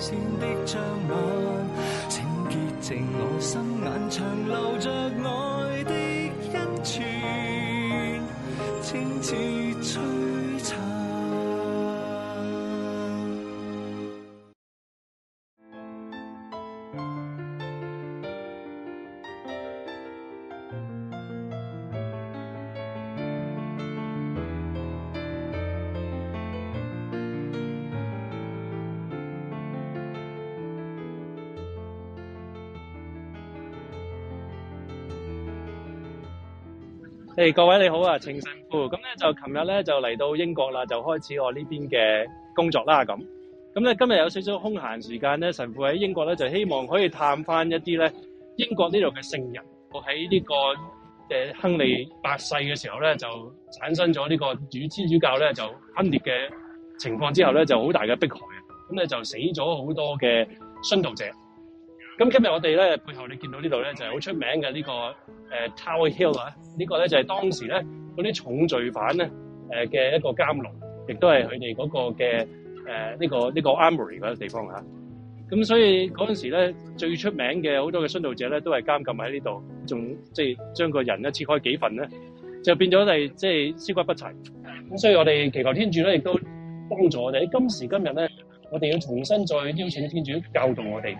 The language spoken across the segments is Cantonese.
閃的雙眼，清潔淨我心眼，長留着愛的恩泉。誒、hey,，各位你好啊，程神父。咁咧，就琴日咧，就嚟到英國啦，就開始我呢邊嘅工作啦咁。咁咧今日有少少空閒時間咧，神父喺英國咧就希望可以探返一啲咧英國呢度嘅聖人。我喺呢個誒亨利八世嘅時候咧，就產生咗呢個與天主教咧就分裂嘅情況之後咧，就好大嘅迫害啊。咁咧就死咗好多嘅殉道者。咁今日我哋咧背後你見到這裡呢度咧就係、是、好出名嘅呢、這個。誒、uh,，Tower Hill 啊，呢個咧就係當時咧嗰啲重罪犯咧誒嘅一個監牢，亦都係佢哋嗰個嘅誒呢個呢、呢個 Armory 嗰個地方吓。咁所以嗰陣時咧最出名嘅好多嘅殉道者咧都係監禁喺呢度，仲即係將個人呢切開幾份咧，就變咗係即係屍骨不齊。咁所以我哋祈求天主咧，亦都幫助我哋。今時今日咧，我哋要重新再邀請天主教導我哋。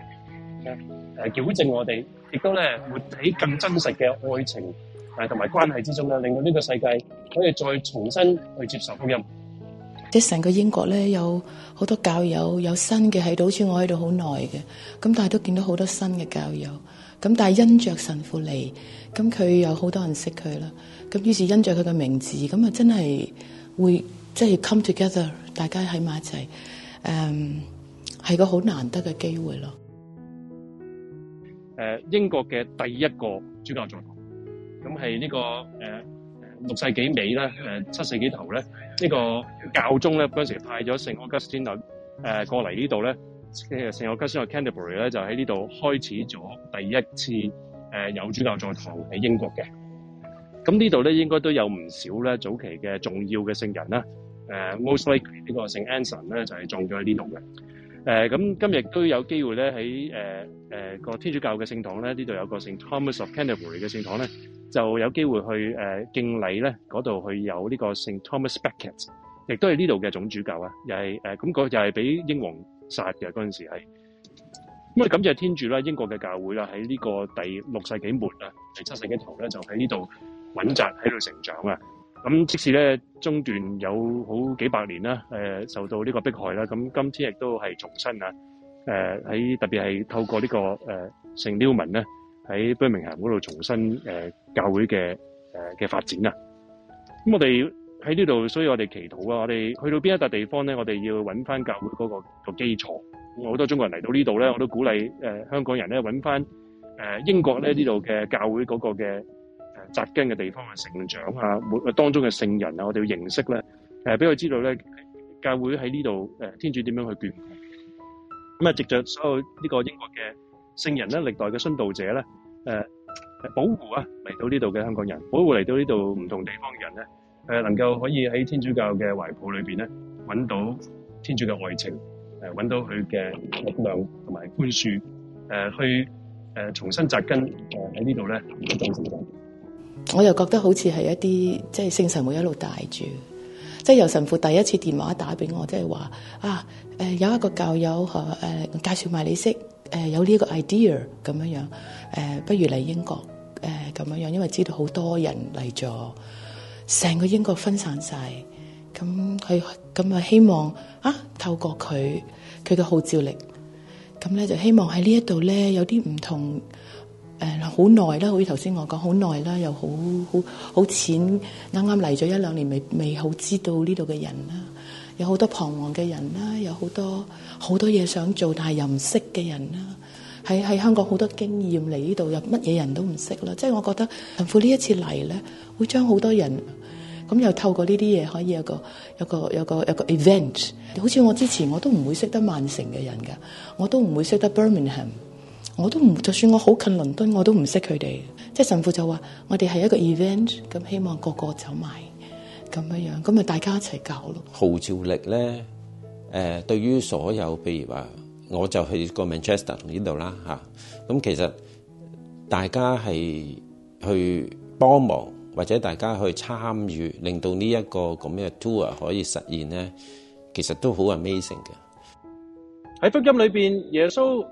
誒，矯正我哋，亦都咧活喺更真實嘅愛情誒，同埋關係之中咧，令到呢個世界可以再重新去接受福音。即係成個英國咧，有好多教友有新嘅喺度，好似我喺度好耐嘅，咁但係都見到好多新嘅教友。咁但係因着神父嚟，咁佢有好多人識佢啦。咁於是因着佢嘅名字，咁啊真係會即係、就是、come together，大家喺埋一齊，誒，係個好難得嘅機會咯。誒英國嘅第一個主教座堂，咁係呢個誒六世紀尾咧，誒七世紀頭咧，呢、呢個教宗咧嗰陣時派咗聖奧古斯丁到誒過嚟呢度咧，即係聖奧古斯丁喺 Canterbury 咧就喺呢度開始咗第一次誒有主教座堂喺英國嘅。咁呢度咧應該都有唔少咧早期嘅重要嘅聖人啦，誒 mostly 呢個聖安神咧就係葬咗喺呢度嘅。誒、呃、咁今日都有機會咧喺誒誒個天主教嘅聖堂咧，呢度有個聖 Thomas of Canterbury 嘅聖堂咧，就有機會去誒、呃、敬禮咧，嗰度去有呢個聖 Thomas Becket，亦都係呢度嘅總主教啊，又係咁個又係俾英皇殺嘅嗰陣時係，咁啊感謝天主啦，英國嘅教會啦喺呢個第六世紀末啊，第七世紀頭咧就喺呢度穩紮喺度成長啊！咁即使咧中斷有好幾百年啦、呃，受到呢個迫害啦，咁今天亦都係重新啊，誒、呃、喺特別係透過、這個呃、呢個誒聖尼歐文咧喺不明名行嗰度重新誒、呃、教會嘅誒嘅發展啊！咁我哋喺呢度，所以我哋祈禱啊！我哋去到邊一笪地方咧，我哋要揾翻教會嗰個基礎。我好多中國人嚟到呢度咧，我都鼓勵、呃、香港人咧揾翻誒英國咧呢度嘅教會嗰個嘅。扎根嘅地方嘅成長啊，每啊當中嘅聖人啊，我哋要認識咧，誒俾佢知道咧，教會喺呢度誒天主點樣去眷顧咁啊，藉着所有呢個英國嘅聖人咧，歷代嘅殉道者咧，誒保護啊嚟到呢度嘅香港人，保護嚟到呢度唔同地方嘅人咧，誒能夠可以喺天主教嘅懷抱裏邊咧揾到天主嘅愛情，誒揾到佢嘅力量同埋寬恕，誒去誒重新扎根誒喺呢度咧，長成長。我又覺得好似係一啲即係聖神會一路帶住，即係由神父第一次電話打俾我，即係話啊誒、呃、有一個教友嚇誒、呃、介紹埋你識誒、呃、有呢個 idea 咁樣樣誒、呃，不如嚟英國誒咁樣樣，因為知道好多人嚟咗，成個英國分散晒。咁佢咁啊希望啊透過佢佢嘅號召力，咁咧就希望喺呢一度咧有啲唔同。誒好耐啦，好似頭先我講好耐啦，又好好好淺啱啱嚟咗一兩年未，未未好知道呢度嘅人啦，有好多彷徨嘅人啦，有好多好多嘢想做，但係又唔識嘅人啦，喺喺香港好多經驗嚟呢度又乜嘢人都唔識啦，即係我覺得神父呢一次嚟咧，會將好多人咁又透過呢啲嘢可以有個有個有個有個 event，好似我之前我都唔會識得曼城嘅人㗎，我都唔會識得 Birmingham。我都唔，就算我好近倫敦，我都唔識佢哋。即係神父就話，我哋係一個 event，咁希望個個走埋咁樣樣，咁咪大家一齊搞咯。號召力咧，誒，對於所有，譬如話，我就去個 Manchester 同呢度啦吓。咁、啊、其實大家係去幫忙或者大家去參與，令到呢、這、一個咁嘅 tour 可以實現咧，其實都好 amazing 嘅。喺福音裏邊，耶穌。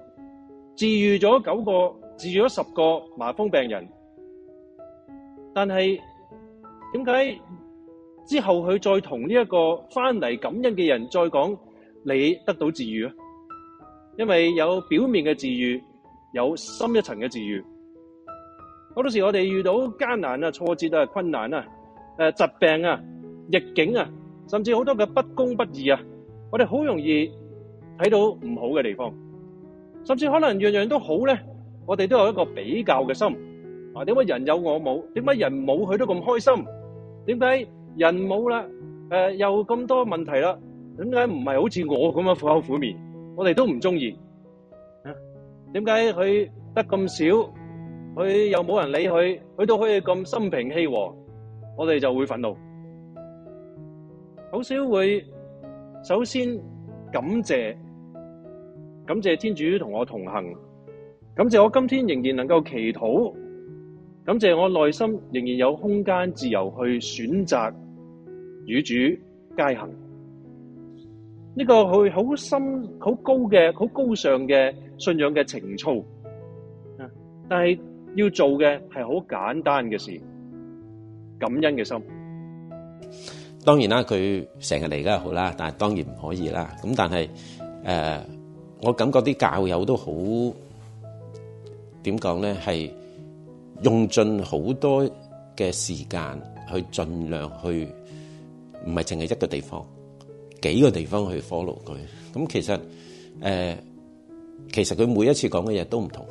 治愈咗九個，治愈咗十個麻風病人，但係點解之後佢再同呢一個翻嚟感恩嘅人再講你得到治愈啊？因為有表面嘅治愈，有深一層嘅治愈。好多時我哋遇到艱難啊、挫折啊、困難啊、誒疾病啊、逆境啊，甚至好多嘅不公不義啊，我哋好容易睇到唔好嘅地方。甚至可能樣樣都好咧，我哋都有一個比較嘅心。啊，點解人有我冇？點解人冇佢都咁開心？點解人冇啦？誒、呃，又咁多問題啦？點解唔係好似我咁樣苦口苦面？我哋都唔中意。啊，點解佢得咁少？佢又冇人理佢，佢都可以咁心平氣和，我哋就會憤怒。好少會首先感謝。感謝天主同我同行，感謝我今天仍然能夠祈禱，感謝我內心仍然有空間自由去選擇與主偕行。呢個佢好深、好高嘅、好高尚嘅信仰嘅情操。嗯，但係要做嘅係好簡單嘅事，感恩嘅心。當然啦，佢成日嚟梗係好啦，但係當然唔可以啦。咁但係誒。呃我感覺啲教友都好點講咧，係用盡好多嘅時間去盡量去，唔係淨係一個地方，幾個地方去 follow 佢。咁其實誒，其實佢每一次講嘅嘢都唔同。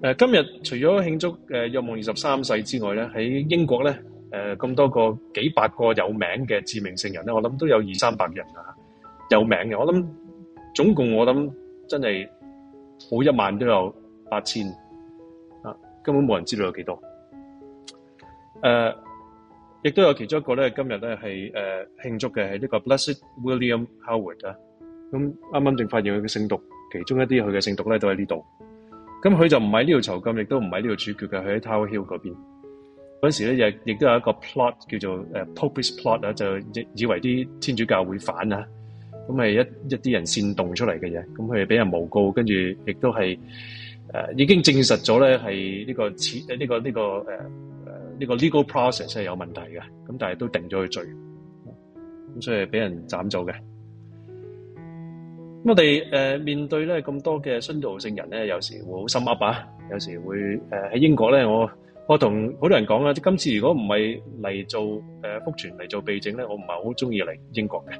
誒，今日除咗慶祝誒若望二十三世之外咧，喺英國咧誒咁多個幾百個有名嘅致命聖人咧，我諗都有二三百人啊，有名嘅我諗。總共我諗真係好一萬都有八千啊，根本冇人知道有幾多。誒、啊，亦都有其中一個咧，今日咧係誒慶祝嘅係呢個 Blessed William Howard 啊。咁啱啱正發現佢嘅聖髑，其中一啲佢嘅聖髑咧都喺呢度。咁、啊、佢就唔喺呢度囚禁，亦都唔喺呢度處決嘅，佢喺 Tower Hill 嗰邊。嗰時咧亦亦都有一個 plot 叫做誒、uh, Popish Plot 啊，就以以為啲天主教會反啊。咁係一一啲人煽動出嚟嘅嘢，咁佢係俾人誣告，跟住亦都係誒，已經證實咗咧係呢個此誒呢個呢個誒誒呢個 legal process 係有問題嘅，咁但係都定咗佢罪，咁所以俾人斬咗嘅。咁我哋誒面對咧咁多嘅殉道聖人咧，有時會好心悒啊，有時會誒喺英國咧，我我同好多人講啦，今次如果唔係嚟做誒福傳嚟做備證咧，我唔係好中意嚟英國嘅。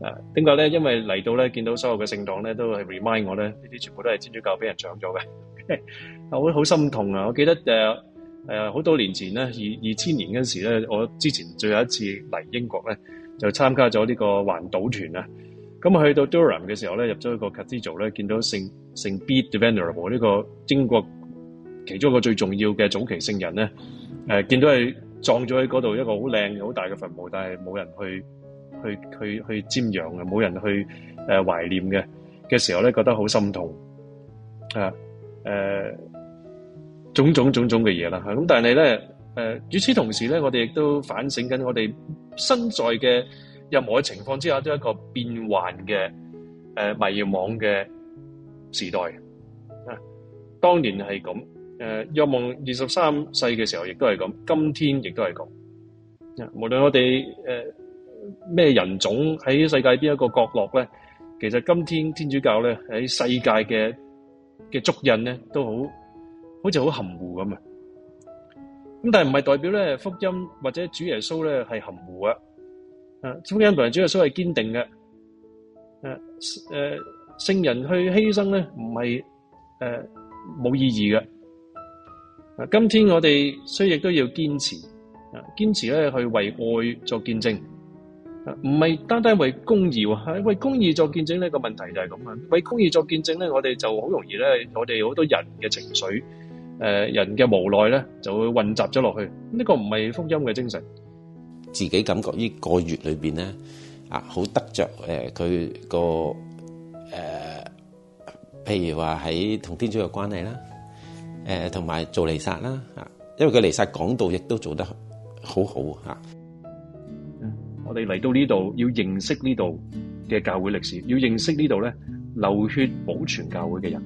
誒、啊，點解咧？因為嚟到咧，見到所有嘅聖堂咧，都係 remind 我咧，呢啲全部都係天主教俾人搶咗嘅，我 好，好心痛啊！我記得誒誒，好、呃呃、多年前咧，二二千年嗰時咧，我之前最後一次嚟英國咧，就參加咗呢個環島團啊。咁去到 Durham 嘅時候咧，入咗一個 cathedral 咧，見到聖聖 Bede the Venerable 呢個英國其中一個最重要嘅早期聖人咧，誒、啊，見到係葬咗喺嗰度一個好靚好大嘅墳墓，墓，但係冇人去。去去去瞻仰嘅，冇人去誒懷、呃、念嘅嘅時候咧，覺得好心痛啊誒、啊，種種種種嘅嘢啦，咁但係咧誒與此同時咧，我哋亦都反省緊我哋身在嘅任何嘅情況之下，都係一個變幻嘅誒、啊、迷惘嘅時代啊。當年係咁誒，若望二十三世嘅時候亦都係咁，今天亦都係咁。無論我哋誒。啊咩人種喺世界邊一個角落咧？其實今天天主教咧喺世界嘅嘅足印咧都好，好似好含糊咁啊。咁但係唔係代表咧福音或者主耶穌咧係含糊嘅。誒，福音同主耶穌係堅定嘅。誒誒，聖人去犧牲咧唔係誒冇意義嘅。啊，今天我哋雖亦都要堅持，啊，堅持咧去為愛作見證。唔係單單為公義啊，為公義作見證呢個問題就係咁啊，為公義作見證咧，我哋就好容易咧，我哋好多人嘅情緒，誒、呃，人嘅無奈咧，就會混雜咗落去，呢個唔係福音嘅精神。自己感覺呢個月裏邊咧，啊，好得着誒，佢個誒，譬如話喺同天主有關係啦，誒、呃，同埋做彌撒啦，啊，因為佢彌撒講道亦都做得好好啊。你嚟到呢度，要認識呢度嘅教會歷史，要認識這裡呢度咧流血保全教會嘅人，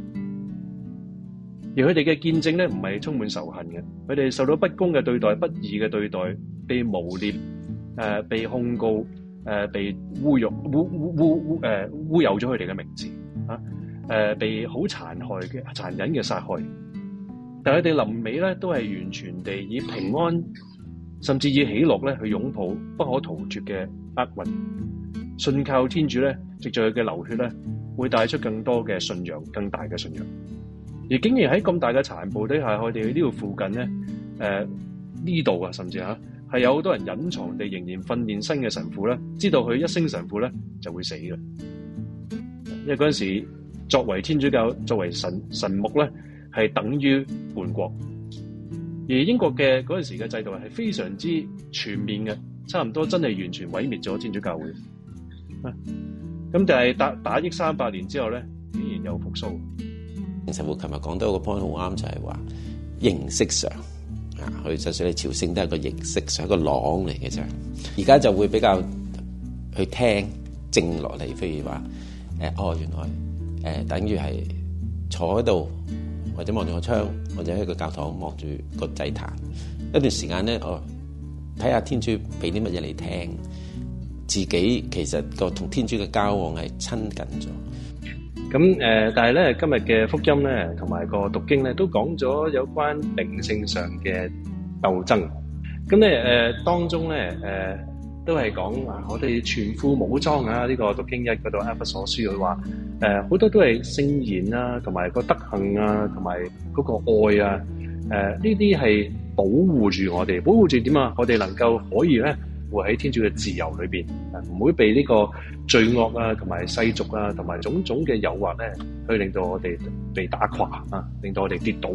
而佢哋嘅見證咧唔係充滿仇恨嘅，佢哋受到不公嘅對待、不義嘅對待，被誣蔑、誒、呃、被控告、誒、呃、被污辱、污污污污誒、呃、污有咗佢哋嘅名字啊，誒、呃、被好殘害嘅、殘忍嘅殺害，但係佢哋臨尾咧都係完全地以平安。甚至以喜樂咧去擁抱不可逃脫嘅厄運，信靠天主咧藉著佢嘅流血咧，會帶出更多嘅信仰，更大嘅信仰。而竟然喺咁大嘅殘暴底下，佢哋喺呢度附近咧，誒呢度啊，甚至係有好多人隱藏地仍然訓練新嘅神父啦，知道佢一聲神父咧就會死嘅。因為嗰陣時作為天主教，作為神神牧咧係等於叛國。而英國嘅嗰陣時嘅制度係非常之全面嘅，差唔多真係完全毀滅咗天主教會。咁、啊、但係打打億三百年之後咧，依然又復甦。其實我琴日講到一個 point 好啱，就係、是、話形式上啊，佢就算你朝聖都係個形式上一個廊嚟嘅啫。而家就會比較去聽靜落嚟，譬如話誒，哦原來誒、呃、等於係坐喺度。或者望住個窗，或者喺個教堂望住個祭壇，一段時間咧，哦，睇下天主俾啲乜嘢嚟聽，自己其實個同天主嘅交往係親近咗。咁誒，但係咧今日嘅福音咧，同埋個讀經咧，都講咗有關靈性上嘅鬥爭。咁咧誒，當中咧誒，都係講話，我哋全副武裝啊，呢個讀經一嗰度阿弗所書佢話。誒，好多都係聖言啊，同埋個德行啊，同埋嗰個愛啊，誒，呢啲係保護住我哋，保護住點啊？我哋能夠可以咧，活喺天主嘅自由裏面，唔會被呢個罪惡啊，同埋世俗啊，同埋種種嘅誘惑咧，去令到我哋被打垮啊，令到我哋跌倒。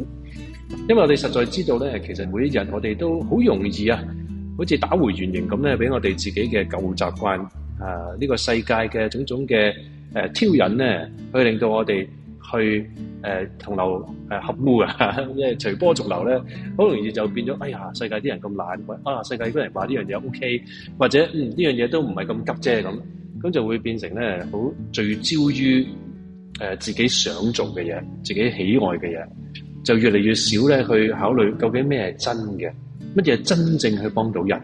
因為我哋實在知道咧，其實每一日我哋都好容易啊，好似打回原形咁咧，俾我哋自己嘅舊習慣啊，呢個世界嘅種種嘅。.呃、挑引咧，去令到我哋去、呃、同流合污啊！即係隨波逐流咧，好容易就變咗。哎呀，世界啲人咁懶，啊世界啲人話呢樣嘢 OK，或者嗯呢樣嘢都唔係咁急啫咁，咁就會變成咧好聚焦於、呃、自己想做嘅嘢，自己喜愛嘅嘢，就越嚟越少咧去考慮究竟咩係真嘅，乜嘢真正去幫到人。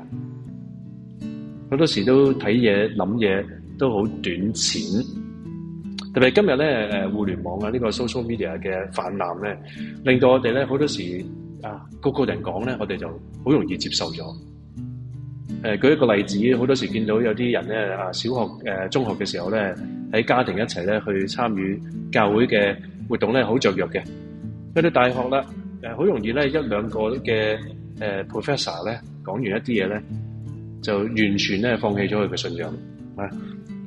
好多時都睇嘢諗嘢都好短淺。特別今日咧，誒，互聯網啊，這個、的呢個 social media 嘅泛濫咧，令到我哋咧好多時啊，個個人講咧，我哋就好容易接受咗。誒、呃，舉一個例子，好多時見到有啲人咧啊，小學、誒、呃、中學嘅時候咧，喺家庭一齊咧去參與教會嘅活動咧，好雀躍嘅。去到大學啦，誒，好容易咧，一兩個嘅誒、呃、professor 咧講完一啲嘢咧，就完全咧放棄咗佢嘅信仰啊，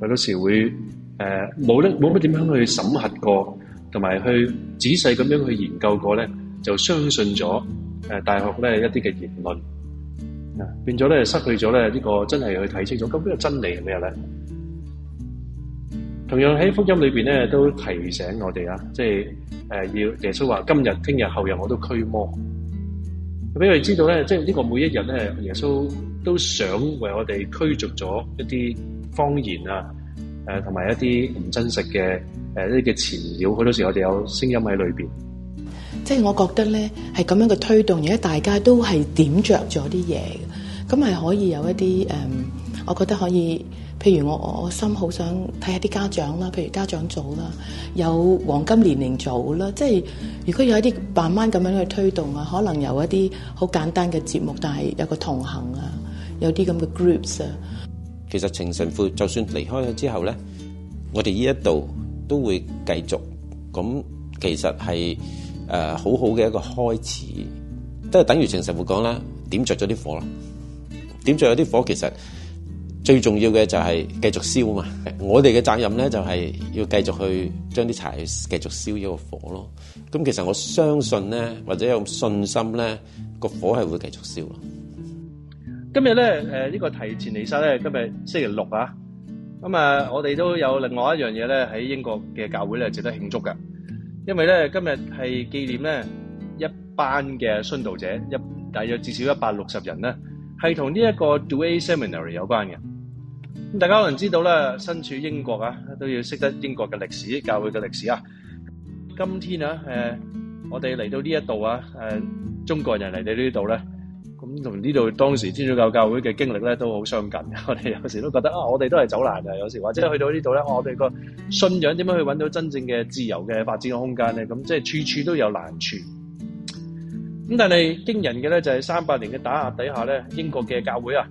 好多時會。誒，冇咧，冇乜點樣去審核過，同埋去仔細咁樣去研究過咧，就相信咗誒，大學咧一啲嘅言論，啊，變咗咧失去咗咧呢個真係去睇清楚，咁呢個真理係咩咧？同樣喺福音裏邊咧，都提醒我哋啊，即係誒，要耶穌話今日、聽日後日我都驅魔，俾我哋知道咧，即係呢個每一日咧，耶穌都想為我哋驅逐咗一啲謊言啊。誒同埋一啲唔真實嘅誒、呃、一啲嘅前兆，好多時我哋有聲音喺裏邊。即係我覺得咧，係咁樣嘅推動，而家大家都係點着咗啲嘢，咁係可以有一啲誒、嗯，我覺得可以，譬如我我心好想睇下啲家長啦，譬如家長組啦，有黃金年齡組啦，即係如果有一啲慢慢咁樣去推動啊，可能有一啲好簡單嘅節目，但係有個同行啊，有啲咁嘅 groups 啊。其實情神父就算離開咗之後咧，我哋呢一度都會繼續，咁其實係誒好好嘅一個開始，即係等於情神父講啦，點着咗啲火啦，點着咗啲火，其實最重要嘅就係繼續燒嘛。我哋嘅責任咧就係要繼續去將啲柴繼續燒咗個火咯。咁其實我相信咧，或者有信心咧，個火係會繼續燒。今日咧，誒呢個提前嚟曬咧，今日星期六啊，咁啊，我哋都有另外一樣嘢咧，喺英國嘅教會咧值得慶祝嘅，因為咧今日係紀念咧一班嘅殉道者一大約至少一百六十人咧，係同呢一個 Douai Seminary 有關嘅。咁大家可能知道咧，身處英國啊，都要識得英國嘅歷史、教會嘅歷史啊。今天啊，誒我哋嚟到呢一度啊，誒中國人嚟到呢度咧。咁同呢度當時天主教教會嘅經歷咧，都好相近。我哋有時都覺得啊，我哋都係走難嘅，有時或者去到呢度咧，我哋個信仰點樣去搵到真正嘅自由嘅發展嘅空間咧？咁即係處處都有難處。咁但係驚人嘅咧，就係、是、三百年嘅打壓底下咧，英國嘅教會啊，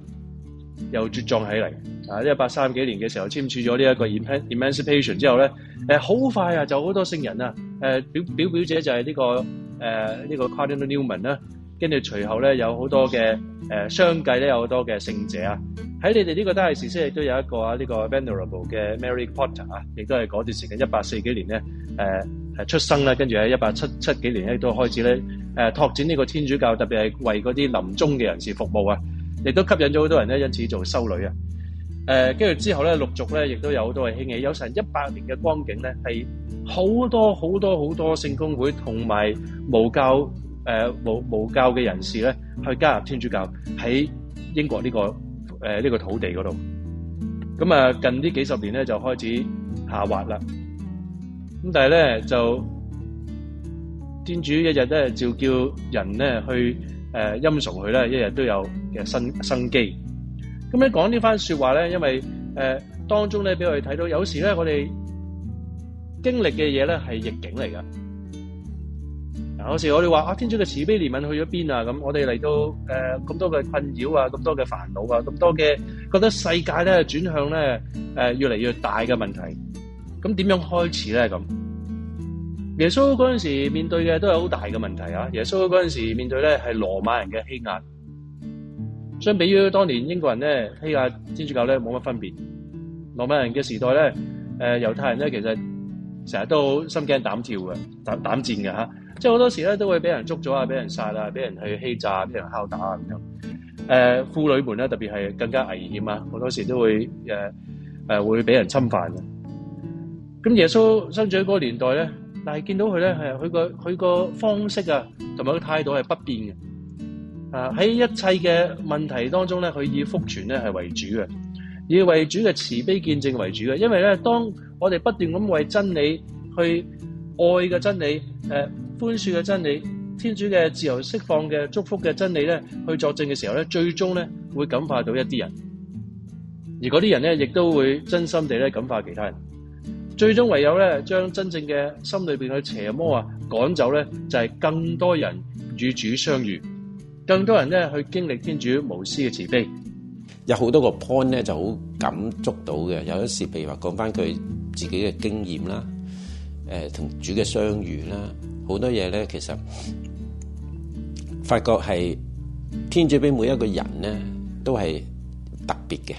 又茁壯起嚟啊！一八三幾年嘅時候簽署咗呢一個 Emancipation 之後咧，誒，好快啊，就好多聖人啊，誒、呃，表表表姐就係呢、這個誒呢、呃這個 Cardinal Newman 啦、啊。跟住隨後咧，有好多嘅誒相繼咧，有好多嘅聖者啊！喺你哋呢個大時，先亦都有一個啊！呢個 Venerable 嘅 Mary Potter 啊，亦都係嗰段時間一八四幾年咧誒誒出生啦，跟住喺一八七七幾年咧都開始咧誒拓展呢個天主教，特別係為嗰啲臨終嘅人士服務啊！亦都吸引咗好多人咧，因此做修女啊！誒跟住之後咧陸續咧，亦都有好多嘅興起，有成一百年嘅光景咧，係好多好多好多聖公會同埋無教。誒，無無教嘅人士咧，去加入天主教喺英國呢個誒呢個土地嗰度，咁啊近呢幾十年咧就開始下滑啦。咁但係咧就天主一日咧照叫人咧去誒欽崇佢咧，一日都有嘅生生機。咁你講呢番說話咧，因為誒當中咧俾我哋睇到，有時咧我哋經歷嘅嘢咧係逆境嚟噶。有時我哋話啊，天主嘅慈悲憐憫去咗邊？呃、啊？咁我哋嚟到誒咁多嘅困擾啊，咁多嘅煩惱啊，咁多嘅覺得世界咧轉向咧誒、呃、越嚟越大嘅問題。咁點樣開始咧？咁耶穌嗰陣時面對嘅都係好大嘅問題啊！耶穌嗰陣時面對咧係羅馬人嘅欺壓，相比於當年英國人咧欺壓天主教咧冇乜分別。羅馬人嘅時代咧，誒、呃、猶太人咧其實成日都心驚膽跳嘅，膽膽戰嘅吓。即係好多時咧都會俾人捉咗啊，俾人殺啊，俾人去欺詐，俾人敲打啊咁樣。誒，婦女們咧特別係更加危險啊，好多時都會誒誒會俾人侵犯嘅。咁耶穌生長喺嗰個年代咧，但係見到佢咧係佢個佢個方式啊，同埋個態度係不變嘅。啊，喺一切嘅問題當中咧，佢以福傳咧係為主嘅，以為主嘅慈悲見證為主嘅。因為咧，當我哋不斷咁為真理去。愛嘅真理，誒，寬恕嘅真理，天主嘅自由釋放嘅祝福嘅真理咧，去作證嘅時候咧，最終咧會感化到一啲人，而嗰啲人咧亦都會真心地咧感化其他人，最終唯有咧將真正嘅心裏邊嘅邪魔啊趕走咧，就係更多人與主相遇，更多人咧去經歷天主無私嘅慈悲，有好多個 point 咧就好感觸到嘅，有一時譬如話講翻佢自己嘅經驗啦。誒同主嘅相遇啦，好多嘢咧，其實發覺係天主俾每一個人咧，都係特別嘅。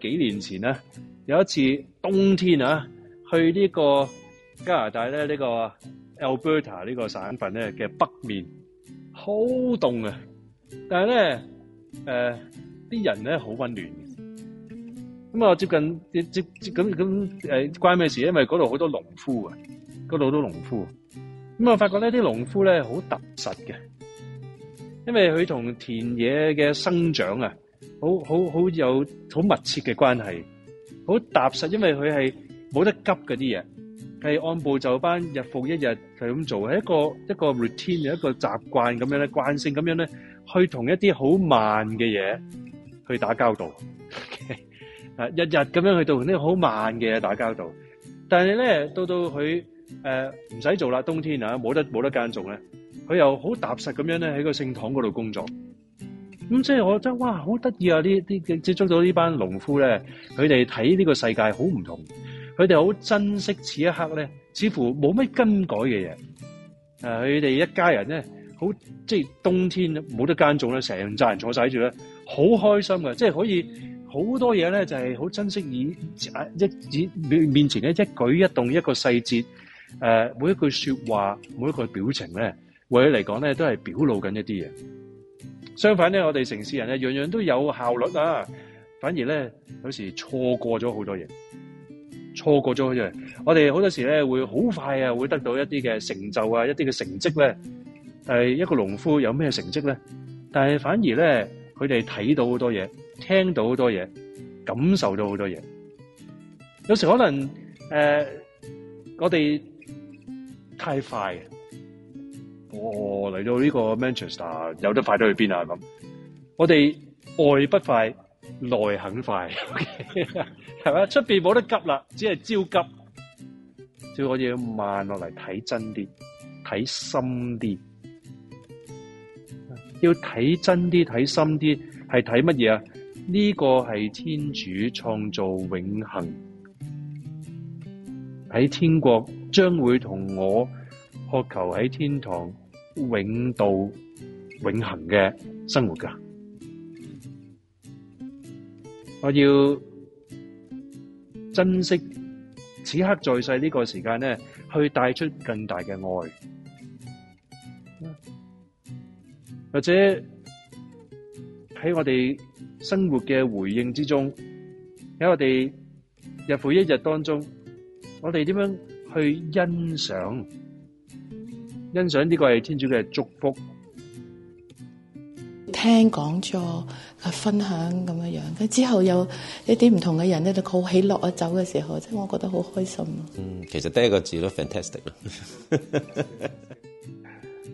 幾年前啊，有一次冬天啊，去呢個加拿大咧，呢個 Alberta 呢個省份咧嘅北面，好凍啊！但係咧，誒、呃、啲人咧好溫暖。咁啊，接近接接咁咁，誒關咩事？因為嗰度好多農夫啊，嗰度好多農夫。咁我發覺咧，啲農夫咧好踏實嘅，因為佢同田野嘅生長啊，好好好有好密切嘅關係，好踏實。因為佢係冇得急嗰啲嘢，係按部就班，日復一日，係咁做，係一個一個 routine，一個習慣咁樣咧，慣性咁樣咧，去同一啲好慢嘅嘢去打交道，日日咁樣去到啲好慢嘅，打交道，但係咧到到佢，誒唔使做啦，冬天啊冇得冇得耕種咧，佢又好踏實咁樣咧喺個聖堂嗰度工作。咁即係我覺得，哇，哇好得意啊！呢啲接觸到呢班農夫咧，佢哋睇呢個世界好唔同，佢哋好珍惜此一刻咧，似乎冇乜更改嘅嘢。誒、呃，佢哋一家人咧，好即係冬天冇得耕種咧，成扎人坐晒住咧，好開心啊即係可以。好多嘢咧，就係好珍惜以一以，以面前一舉一動，一個細節，誒、呃，每一句說話、每一句表情咧，為佢嚟講咧，都係表露緊一啲嘢。相反咧，我哋城市人咧，樣樣都有效率啊，反而咧，有時錯過咗好多嘢，錯過咗好多嘢。我哋好多時咧，會好快啊，會得到一啲嘅成就啊，一啲嘅成績咧。誒，一個農夫有咩成績咧？但係反而咧，佢哋睇到好多嘢。聽到好多嘢，感受到好多嘢。有時可能誒、呃，我哋太快嘅。我、哦、嚟到呢個 Manchester，有得快都去邊啊咁。我哋外不快，內肯快，係咪？出面冇得急啦，只係焦急。所以我哋要慢落嚟睇真啲，睇深啲。要睇真啲，睇深啲，係睇乜嘢啊？呢、這個係天主創造永恆喺天國，將會同我渴求喺天堂永度永恆嘅生活㗎。我要珍惜此刻在世呢個時間，呢去帶出更大嘅愛，或者喺我哋。生活嘅回應之中，喺我哋日復一日當中，我哋點樣去欣賞欣賞呢個係天主嘅祝福。聽講座、嘅分享咁樣樣，佢之後有一啲唔同嘅人咧，就好喜樂啊！走嘅時候，即係我覺得好開心啊！嗯，其實得一個字都 fantastic 咁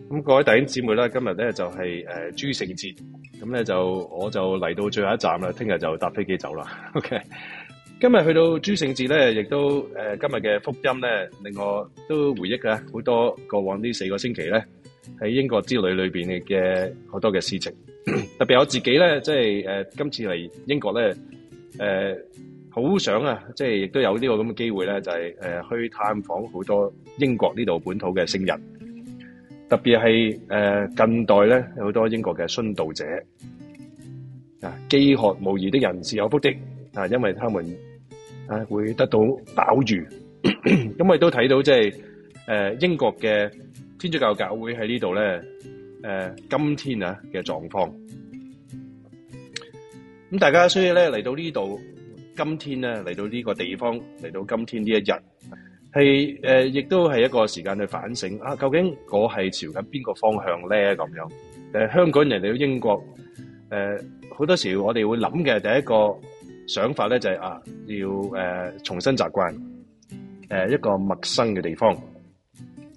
嗯、各位弟兄姊妹啦，今日咧就係誒諸聖節。咁咧就我就嚟到最後一站啦，聽日就搭飛機走啦。OK，今日去到諸聖節咧，亦都誒、呃、今日嘅福音咧，令我都回憶嘅好多過往呢四個星期咧喺英國之旅裏邊嘅嘅好多嘅事情。 特別我自己咧，即係誒今次嚟英國咧，誒、呃、好想啊，即係亦都有這個這呢個咁嘅機會咧，就係、是、誒、呃、去探訪好多英國呢度本土嘅聖人。特別係誒近代咧，有好多英國嘅殉道者啊，飢渴無疑的人是有福的啊，因為他們啊會得到飽住。咁我亦都睇到即係誒英國嘅天主教教會喺呢度咧誒，今天啊嘅狀況。咁大家所以咧嚟到呢度，今天咧嚟到呢個地方，嚟到今天呢一日。係誒，亦都係一個時間去反省啊。究竟我係朝緊邊個方向咧？咁樣誒，香港人嚟到英國誒，好多時我哋會諗嘅第一個想法咧，就係啊，要誒重新習慣誒一個陌生嘅地方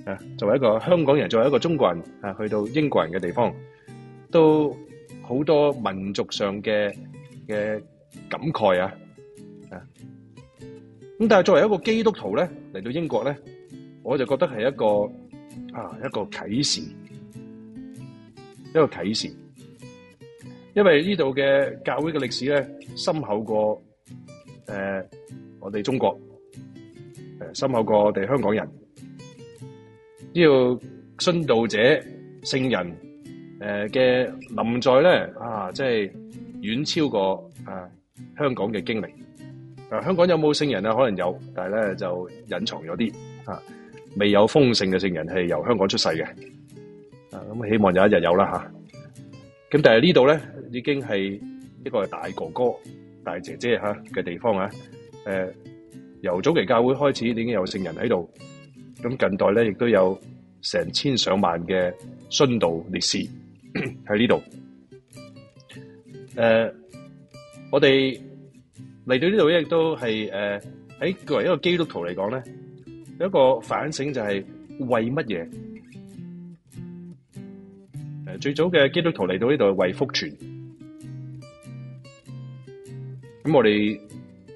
啊。作為一個香港人，作為一個中國人啊，去到英國人嘅地方，都好多民族上嘅嘅感慨啊啊。咁但係作為一個基督徒咧。嚟到英國咧，我就覺得係一個啊一個啟示，一個啟示，因為呢度嘅教會嘅歷史咧，深厚過、呃、我哋中國，深厚過我哋香港人，呢個殉道者聖人誒嘅臨在咧啊，即係遠超過、呃、香港嘅經歷。嗱，香港有冇聖人啊？可能有，但係咧就隱藏咗啲吓，未有封聖嘅聖人係由香港出世嘅，啊咁希望有一日有啦吓。咁、啊、但係呢度咧已經係一個大哥哥、大姐姐吓嘅地方啊。誒，由早期教會開始已經有聖人喺度，咁、啊、近代咧亦都有成千上萬嘅殉道烈士喺呢度。誒、啊，我哋。嚟到呢度咧，亦都係誒喺作為一個基督徒嚟講咧，有一個反省就係為乜嘢？誒，最早嘅基督徒嚟到呢度係為福傳。咁我哋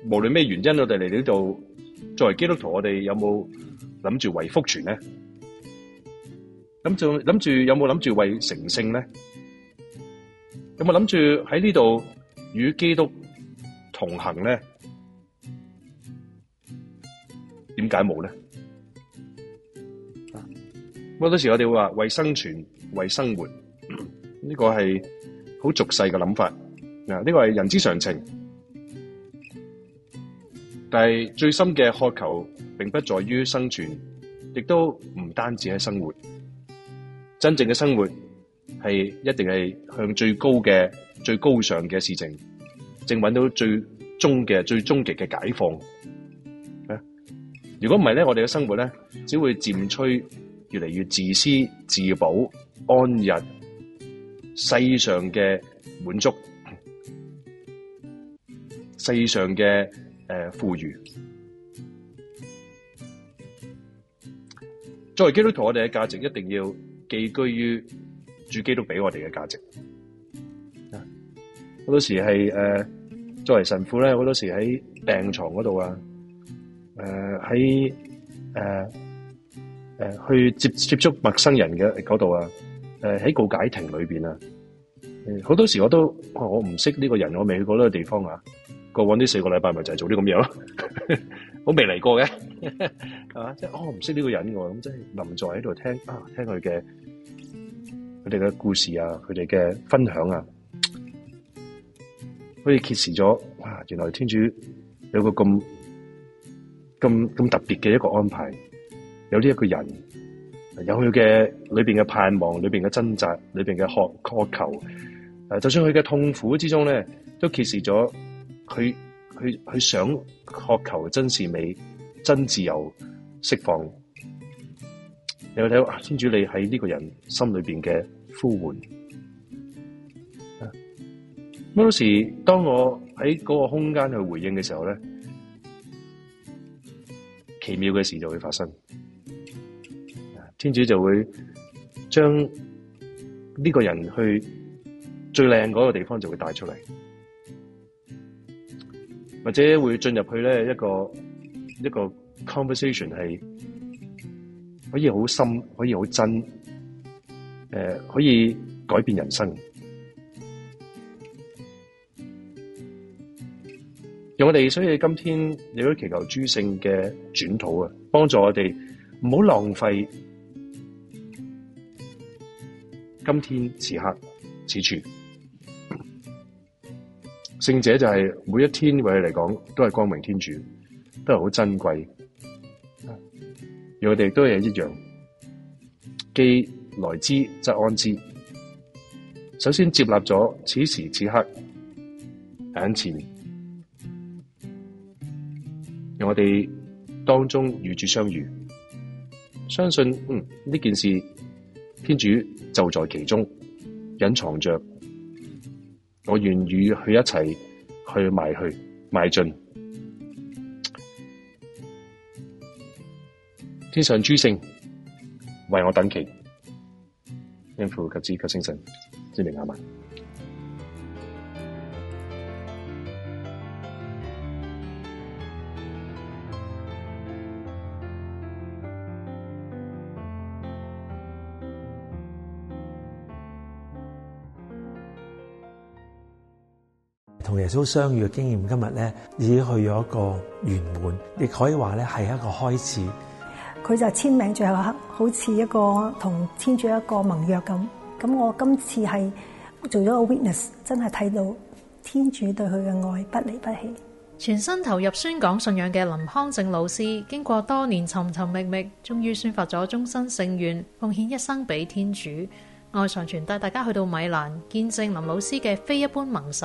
無論咩原因，我哋嚟到呢度，作為基督徒，我哋有冇諗住為福傳咧？諗住諗住有冇諗住為成聖咧？有冇諗住喺呢度與基督？同行咧，點解冇咧？咁好多時我哋會話為生存、為生活，呢、嗯，呢個係好俗世嘅諗法。嗱、啊，呢、呢個係人之常情。但係最深嘅渴求，並不在於生存，亦都唔單止喺生活。真正嘅生活，係一定係向最高嘅、最高尚嘅事情，正搵到最。嘅最終極嘅解放啊！如果唔係咧，我哋嘅生活咧，只會漸趨越嚟越自私、自保、安逸、世上嘅滿足、世上嘅誒、呃、富裕。作為基督徒，我哋嘅價值一定要寄居於主基督俾我哋嘅價值。好多時係誒。呃作為神父咧，好多時喺病床嗰度啊，誒喺誒誒去接接觸陌生人嘅嗰度啊，誒、呃、喺告解亭裏邊啊，好多時我都、哦、我唔識呢個人，我未去過呢個地方啊，過往呢四個禮拜咪就係做啲咁樣咯，我未嚟過嘅係嘛，即係哦唔識呢個人嘅咁，即係臨在喺度聽啊聽佢嘅佢哋嘅故事啊，佢哋嘅分享啊。可以揭示咗，哇！原來天主有個咁咁咁特別嘅一個安排，有呢一個人，有佢嘅裏邊嘅盼望，裏邊嘅掙扎，裏邊嘅渴渴求。誒，就算佢嘅痛苦之中咧，都揭示咗佢佢佢想渴求真善美、真自由釋放。你睇到？天主你喺呢個人心裏邊嘅呼喚。好多時，當我喺嗰個空間去回應嘅時候呢，奇妙嘅事就會發生。天主就會將呢個人去最靚嗰個地方就會帶出嚟，或者會進入去呢一個一個 conversation，係可以好深，可以好真，呃，可以改變人生。我哋所以今天亦都祈求諸聖嘅轉禱啊，幫助我哋唔好浪費今天此刻此處。聖者就係每一天為嚟講都係光明天主，都係好珍貴。而我哋都係一樣，既來之則安之。首先接納咗此時此刻眼前。讓我哋當中與主相遇，相信嗯，呢件事天主就在其中隱藏着我去，我願與佢一齊去埋去邁進。天上諸聖為我等祈，因父及子及聖神，之名阿門。同耶穌相遇嘅經驗，今日咧已經去咗一個圓滿，亦可以話咧係一個開始。佢就簽名最後刻，好似一個同天主一個盟約咁。咁我今次係做咗個 witness，真係睇到天主對佢嘅愛不離不棄，全身投入宣講信仰嘅林康正老師，經過多年尋尋覓覓，終於宣發咗終身聖願，奉獻一生俾天主。愛上傳帶大家去到米蘭見證林老師嘅非一般盟誓。